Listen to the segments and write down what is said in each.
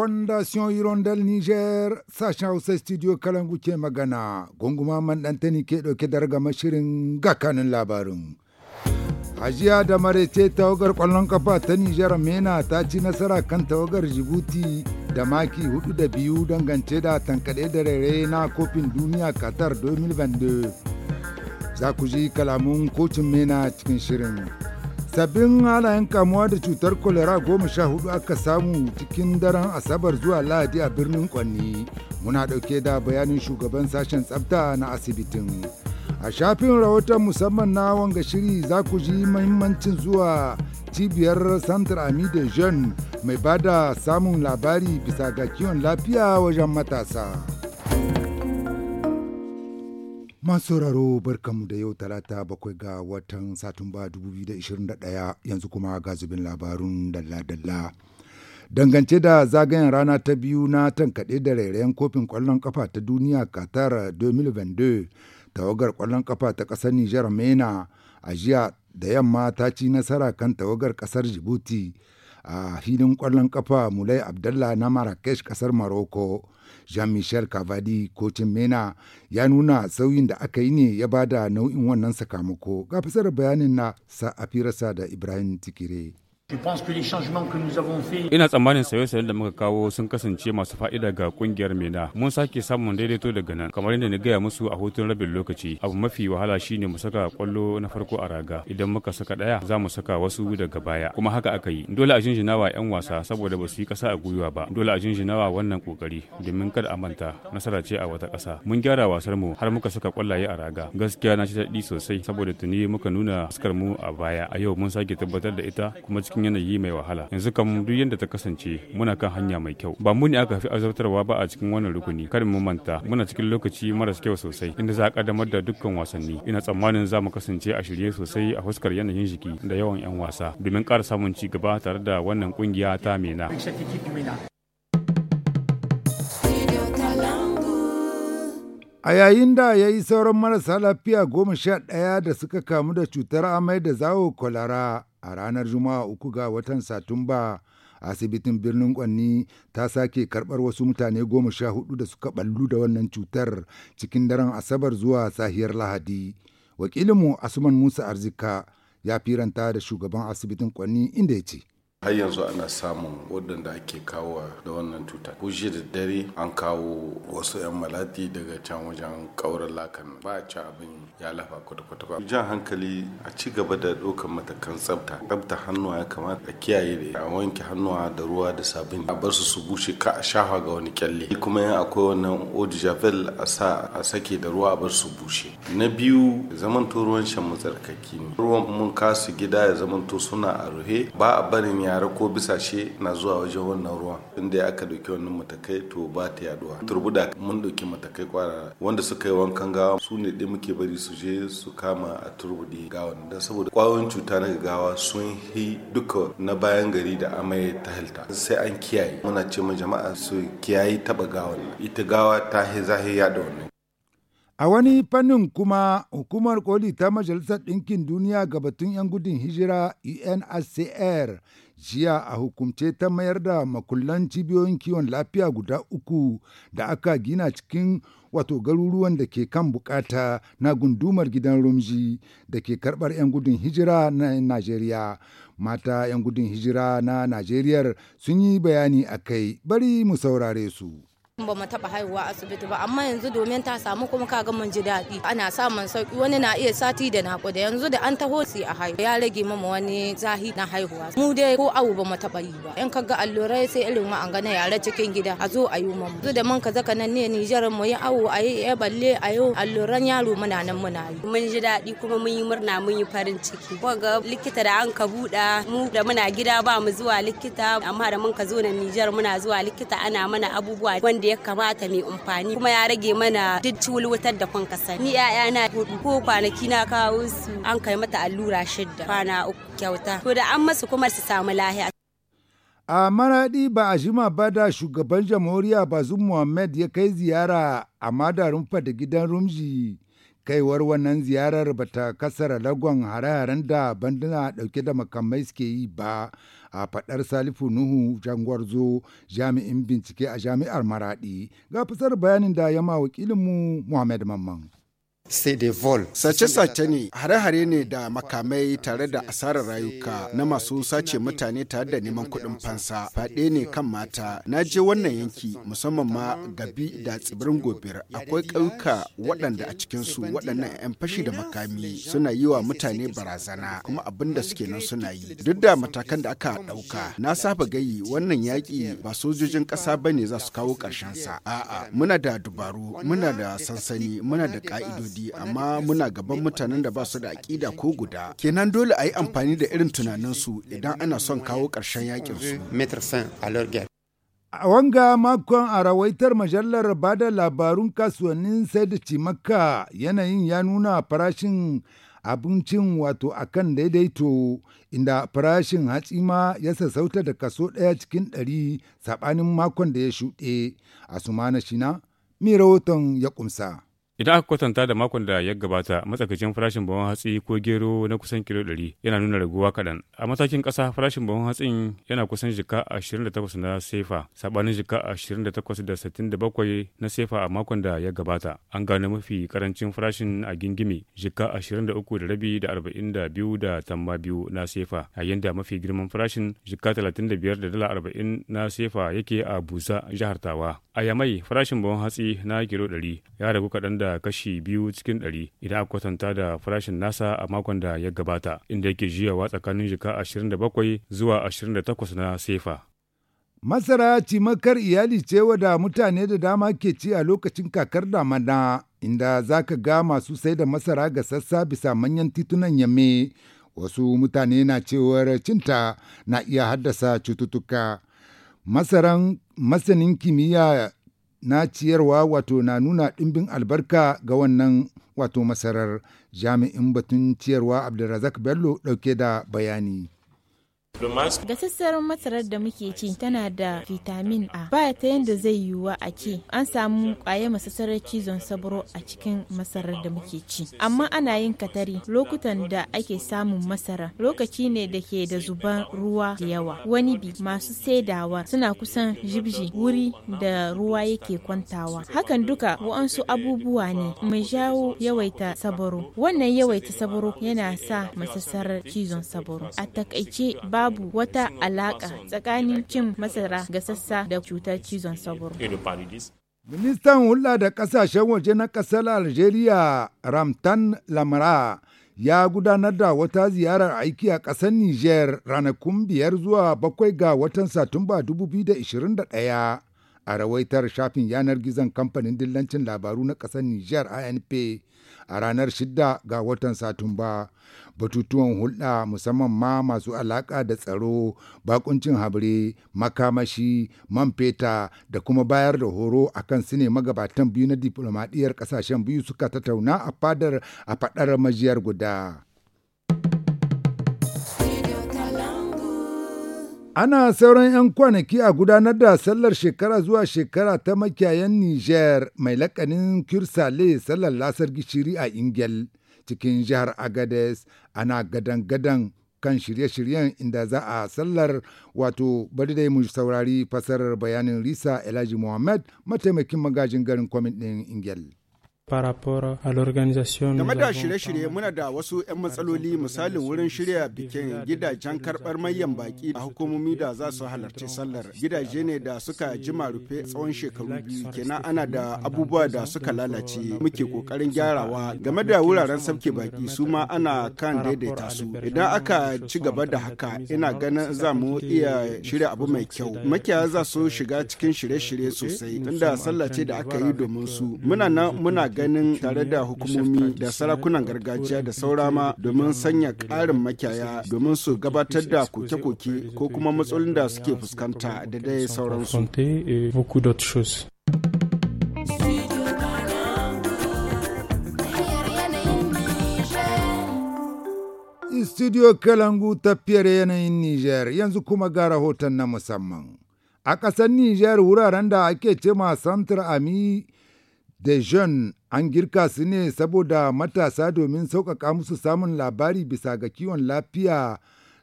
fondation hirondel niger sashen hausa studio kalangu ke magana gunguma man tani ke ɗauke da ragama shirin gakanin labarin hajiya da ce tawagar kwallon kafa ta niger mena ta ci nasara kan tawagar jibuti da maki hudu da biyu dangance da tankade da rere na kofin duniya qatar 2022 za ku ji kalamun kocin mena cikin shirin sabbin halayen kamuwa da cutar kolera goma sha hudu aka samu cikin daren asabar zuwa lahadi a birnin kwanni muna dauke da bayanin shugaban sashen tsabta na asibitin a shafin rahoton musamman na wanga shiri za ku ji mahimmancin zuwa cibiyar santar ami de jeune mai bada samun labari bisa ga kiwon lafiya wajen matasa. masauraro barkanmu da yau talata bakwai ga watan satumba 2021 yanzu kuma ga zubin labarun dalla-dalla dangance da zagayen rana ta biyu na tankaɗe da rairayen kofin kwallon kafa ta duniya qatar 2022 tawagar ƙwallon kafa ta ƙasar nijar mena a jiya da yamma ta ci nasara kan tawagar ƙasar jibuti a filin ƙwallon kafa mulai abdallah na marrakesh ƙasar morocco jean-michel cavadi kocin mena ya nuna sauyin da aka yi ne ya bada nau'in wannan sakamako ga fasarar bayanin na sa da ibrahim tikire Ina tsammanin sayo sauyen da muka kawo sun kasance masu fa'ida ga kungiyar MENA. Mun sake samun daidaito daga nan, kamar yadda na gaya musu a hutun rabin lokaci. Abu mafi wahala shine mu saka kwallo na farko a raga. Idan muka saka ɗaya, za mu saka wasu daga baya. Kuma haka aka yi. Dole a jinjinawa 'yan wasa saboda ba su yi kasa a gwiwa ba. Dole a jinjinawa wannan kokari domin kada a manta nasara ce a wata ƙasa. Mun gyara wasar mu har muka saka kwallaye a raga. Gaskiya na ci daɗi sosai saboda tuni muka nuna askar mu a baya. A yau mun sake tabbatar da ita kuma cikin cikin yanayi mai wahala yanzu kam duk yadda ta kasance muna kan hanya mai kyau ba mu ne aka fi azabtarwa ba a cikin wannan rukuni kada mu manta muna cikin lokaci maras kyau sosai inda za a kaddamar da dukkan wasanni ina tsammanin za mu kasance a shirye sosai a fuskar yanayin jiki da yawan 'yan wasa domin ƙara samun ci gaba tare da wannan kungiya ta mena A yayin da ya yi sauran marasa lafiya goma sha ɗaya da suka kamu da cutar amai da zawo kwalara a ranar Juma'a uku ga watan Satumba asibitin birnin Kwanni ta sake karɓar wasu mutane goma sha hudu da suka ɓallu da wannan cutar cikin daren Asabar zuwa sahiyar Lahadi. Wakilinmu Asuman Musa Arzika ya firanta da shugaban asibitin Kwanni inda ya ce. har yanzu ana samun waɗanda ake kawo da wannan cuta ko da dare an kawo wasu 'yan malati daga can wajen ƙaurar lakan ba a ci abin ya lafa kwata-kwata ba jan hankali a ci gaba da ɗaukar matakan tsafta tsafta hannuwa ya kamata a kiyaye da a wanke hannuwa da ruwa da sabini a bar su su bushe ka a shafa ga wani kyalle kuma yan akwai wannan odi javel a sa a sake da ruwa a bar su bushe na biyu zaman to ruwan shan matsarkaki ne ruwan mun kasu gida ya zamanto suna a ruhe ba a barin yara ko bisa shi na zuwa wajen wannan ruwan inda aka dauki wannan matakai to ba ta yaduwa turbuda mun dauki matakai kwara wanda suka yi wankan gawa su ne ɗin muke bari su je su kama a turbudi gawa don saboda kwayoyin cuta na gawa sun yi duka na bayan gari da amai ta halta sai an kiyaye muna ce ma jama'a su kiyaye taba gawa ita gawa ta zahi yada wannan A wani fannin kuma hukumar koli ta Majalisar Ɗinkin Duniya ga batun 'yan gudun hijira UNHCR jiya a hukumce ta mayar da makullan cibiyoyin kiwon lafiya guda uku da aka gina cikin wato garuruwan da ke kan bukata na gundumar gidan rumji da ke karbar 'yan gudun hijira na najeriya mata 'yan gudun hijira na najeriya sun yi bayani a kai bari mu saurare su ba mu taɓa haihuwa asibiti ba amma yanzu domin ta samu kuma kaga mun ji daɗi ana samun sauki wani na iya sati da naƙuda yanzu da an taho su a haihu ya rage mama wani zahi na haihuwa mu dai ko awu ba mu taɓa yi ba in ga allurai sai irin ga na yara cikin gida a zo a yi mu yanzu da mun ka zaka nan ne Nijar mu yi awu a yi ya eh, balle a yi alluran yaro muna nan muna yi mun ji daɗi kuma mun yi murna mun yi farin ciki ko ga likita da an ka buɗa mu da muna gida ba mu zuwa likita amma da mun ka zo na Nijar muna zuwa likita ana mana abubuwa wanda ya kamata mai amfani kuma ya rage mana duk wutar da kwan sani. ni na hudu ko kwanaki na kawo su an kai mata allura shidda kwana uku kyauta to da an masu kuma su samu lahiya a maradi ba a jima ba da shugaban jamhuriya bazum muhammad ya kai ziyara a madarin da gidan rumji kaiwar wannan ziyarar bata kasara lagon hare-haren da banduna dauke da makamai suke yi ba a faɗar salifu nuhu jangwarzo jami'in bincike a jami'ar maradi ga fasar bayanin da yama wakilinmu muhammad mamman sai dai vol sace-sace ne hare-hare ne da makamai tare da asarar rayuka na masu sace mutane tare da neman kuɗin fansa faɗe ne kan mata na je wannan yanki musamman ma gabi da tsibirin gobir akwai ƙauyuka waɗanda a cikinsu waɗannan 'yan fashi da makami suna yi wa mutane barazana kuma abin da suke nan suna yi duk da matakan da aka ɗauka na saba gayi wannan yaƙi ba sojojin ƙasa ba ne za su kawo ƙarshensa a'a muna da dubaru muna da sansani muna da ƙa'idodi amma muna gaban mutanen da ba su da aƙida ko guda. Kenan dole a yi amfani da irin tunaninsu idan ana son kawo ƙarshen yakin su. A wanga makon a rawaitar ba da labarun kasuwannin sai da cimaka yanayin ya nuna farashin abincin wato akan daidaito inda farashin hatsi ma ya sassauta da kaso ɗaya cikin ɗari saɓanin makon da ya shuɗe a sumana shina, mai rahoton ya ƙumsa. Idan aka kwatanta da makon da ya gabata, matsakaicin farashin bawon hatsi ko gero na kusan kilo 100 yana nuna raguwa kaɗan. A matakin ƙasa farashin bawon hatsin yana kusan jika 28 na sefa, saɓanin jika 28 da 67 na sefa a makon da ya gabata. An gano mafi karancin farashin a gingime jika 23 da rabi da 42 da tamma biyu na sefa, yayin da mafi girman farashin jika 35 da dala 40 na sefa yake a Busa, jihar Tawa. A Yamai farashin bawon hatsi na kilo 100 ya ragu kaɗan da kashi biyu cikin ɗari idan aka kwatanta da farashin nasa a makon da ya gabata inda yake juyawa tsakanin jika 27 zuwa 28 na sefa. Masara cimakar iyali ce wada mutane da dama ke ci a lokacin kakar damana inda za ka ga masu sai da masara ga sassa bisa manyan titunan yamme wasu mutane na cewar cinta na iya haddasa cututtuka. Masaran masanin kimiyya na ciyarwa wato na nuna ɗimbin albarka ga wannan wato masarar jami'in batun ciyarwa abdulrazak bello ɗauke da bayani. gasassar masarar da muke ci tana da vitamin A. Ba ta yadda zai yiwuwa a ce an samu kwaye masassarar cizon sabro a cikin masarar da muke ci. Amma ana yin katari lokutan da ake samun masara lokaci ne da ke da zuban ruwa da yawa. Wani bi masu saidawa suna kusan jibji wuri da ruwa yake kwantawa. Hakan duka wa'ansu abubuwa ne mai jawo yawaita sabaro. Wannan yawaita sabaro yana sa masassarar cizon sabaro. A takaice babu babu wata alaƙa tsakanin cin masara ga sassa da cutar cizon sauro. Ministan hulɗa da ƙasashen waje na ƙasar Algeria Ramtan Lamra ya gudanar da wata ziyarar aiki a ƙasar Niger ranakun biyar zuwa bakwai ga watan Satumba 2021. a rawaitar shafin yanar gizon kamfanin dillancin labaru na ƙasar Nijar INP a ranar 6 ga watan Satumba. Batutuwan hulɗa musamman ma masu alaƙa da tsaro, bakuncin habre makamashi, man feta da kuma bayar da horo a kan su ne magabatan biyu na diplomadiyyar ƙasashen biyu suka tattauna a fadar a faɗar majiyar guda. Ana sauran 'yan kwanaki a gudanar da sallar shekara zuwa shekara ta makiyayan Nijar mai lakanin Kirsale sallar lasar gishiri a Ingel cikin jihar Agades ana gadan-gadan kan shirye-shiryen inda za a sallar wato bari dai mu saurari fasarar bayanin Risa Elaji Muhammad mataimakin magajin garin Kwamitin ɗin Ingel. Game da shirye-shirye muna da wasu 'yan matsaloli misalin wurin shirya bikin gidajen karbar manyan baki a hukumomi da za su halarci sallar. Gidaje ne da suka jima rufe tsawon shekaru biyu kenan ana da abubuwa da suka lalace muke kokarin gyarawa game da wuraren sabke baki su ma ana kan daidaita su. Idan aka ci gaba da haka ina ganin za mu iya shirya abu mai kyau. Makiyaya za su shiga cikin shirye-shirye sosai tunda sallah ce da aka yi domin su. Muna nan muna ganin tare da hukumomi da sarakunan gargajiya da saura ma domin sanya ƙarin makiyaya domin su gabatar da koke-koke ko kuma matsalolin da suke fuskanta da dai sauransu. studio kalangu ta fiyar yanayin Nijar yanzu kuma ga rahoton na musamman. A ƙasar Nijar wuraren da ake cema Santar Ami Dejeune an girka su ne saboda matasa domin sauƙaƙa musu samun labari bisa ga kiwon lafiya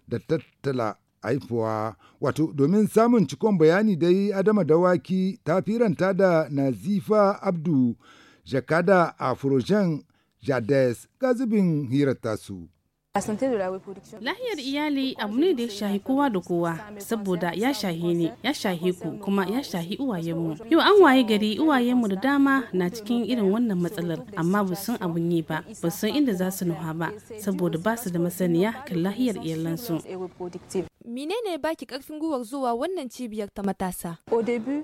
da tattala haifuwa. Wato domin samun cikon bayani dai Adama Dawaki ta firanta da Nazifa Abdu Jakada a Furojen Jades ga zubin hirar tasu. Lahiyar iyali abu ne da ya shahi kowa da kowa saboda ya shahi ne ya shahi ku kuma ya shahi uwayenmu. Yau an waye gari uwayenmu da dama na cikin irin wannan matsalar amma ba san abun yi ba ba san inda za su nuha ba saboda ba su da masaniya kan lahiyar iyalansu. menene baki karfin gwiwar zuwa wannan cibiyar ta matasa?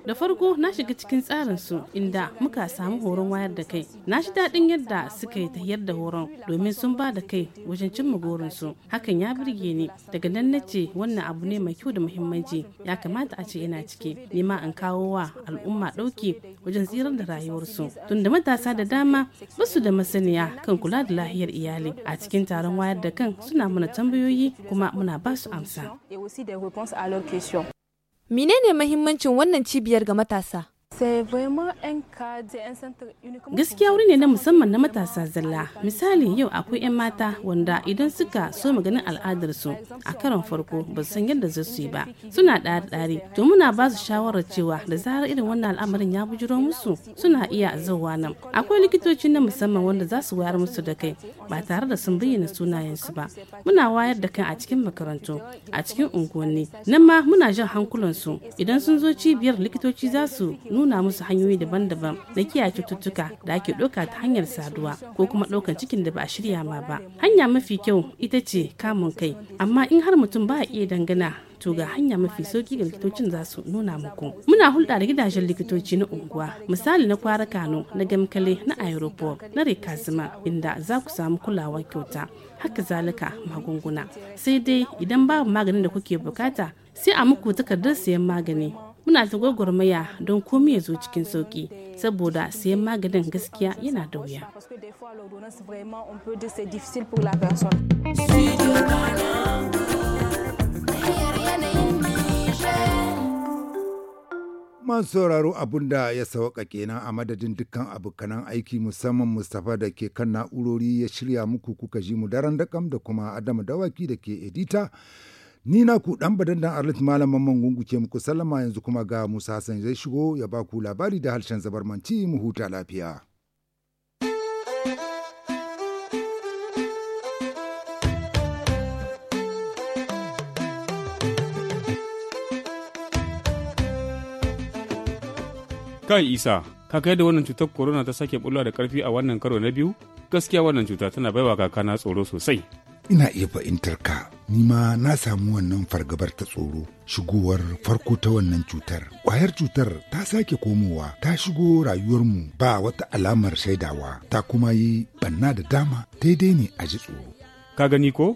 Da farko na shiga cikin tsarin su inda muka samu horon wayar da kai. Na shi daɗin yadda suka yi tahiyar da horon domin sun ba da kai wajen cimma gorin su. Hakan ya birge ni. Daga nan na ce wannan abu ne mai kyau da muhimmanci. Ya kamata a ce ina ciki. Nema an kawo wa al'umma ɗauki wajen tsirar da rayuwarsu. Tunda matasa da dama basu da masaniya kan kula da lahiyar iyali. A cikin taron wayar da kan suna mana tambayoyi kuma muna basu amsa. et aussi des réponses à leurs questions. Menene mahimmancin wannan cibiyar ga matasa? Gaskiya wuri ne na musamman na matasa zalla. Misali yau akwai 'yan mata wanda idan suka so maganin al'adarsu a karon farko ba su san yadda za su yi ba. Suna ɗari ɗari. to muna ba su shawarar cewa da zarar irin wannan al'amarin ya bujiro musu suna iya zauwa nan. Akwai likitoci na musamman wanda za su wayar musu da kai ba tare da sun bayyana sunayensu ba. Muna wayar da kai a cikin makarantu, a cikin unguwanni. Nan ma muna jan hankulansu idan sun zo cibiyar likitoci za su nuna nuna musu hanyoyi daban-daban na kiyaye cututtuka da ake ɗauka ta hanyar saduwa ko kuma ɗaukar cikin da ba a shirya ma ba hanya mafi kyau ita ce kamun kai amma in har mutum ba iya dangana to ga hanya mafi sauki ga likitocin za su nuna muku muna hulɗa da gidajen likitoci na unguwa misali na kwara kano na gamkale na aeroport na rekazima inda za ku samu kulawa kyauta haka zalika magunguna sai dai idan babu maganin da kuke bukata sai a muku takardar sayan magani muna ta gwagwarmaya don komi ya zo cikin sauki saboda sayan maganin gaskiya yana da wuya man sauraro abun da ya sauka kenan a madadin dukkan abokanan aiki musamman mustapha da ke kan na'urori ya shirya muku kuka ji mu daren dakam da kuma adama dawaki da ke edita Ni na ku ɗan badan dan Arlit Malam Mamman Gungu ke muku sallama yanzu kuma ga Musa Hassan zai shigo ya ba ku labari da harshen zabarmanci mu huta lafiya. Kai Isa, ka kai da wannan cutar corona ta sake bulwa da karfi a wannan karo na biyu? Gaskiya wannan cuta tana baiwa kakana tsoro sosai. Ina iya fahimtar ka nima na samu wannan fargabar ta tsoro shigowar farko ta wannan cutar. Kwayar cutar ta sake komowa ta shigo rayuwarmu ba wata alamar shaidawa ta kuma yi banna da dama daidai ne a ji tsoro. Ka gani ko?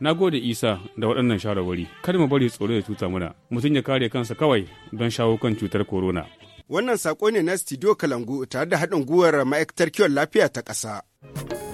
Na gode Isa da waɗannan shawarwari. kar mu bari tsoro ya cuta mana. Mutum ya kare kansa kawai don shawo kan cutar corona. Wannan saƙo ne na Studio Kalangu tare da haɗin gwiwar ma'aikatar kiwon lafiya ta ƙasa.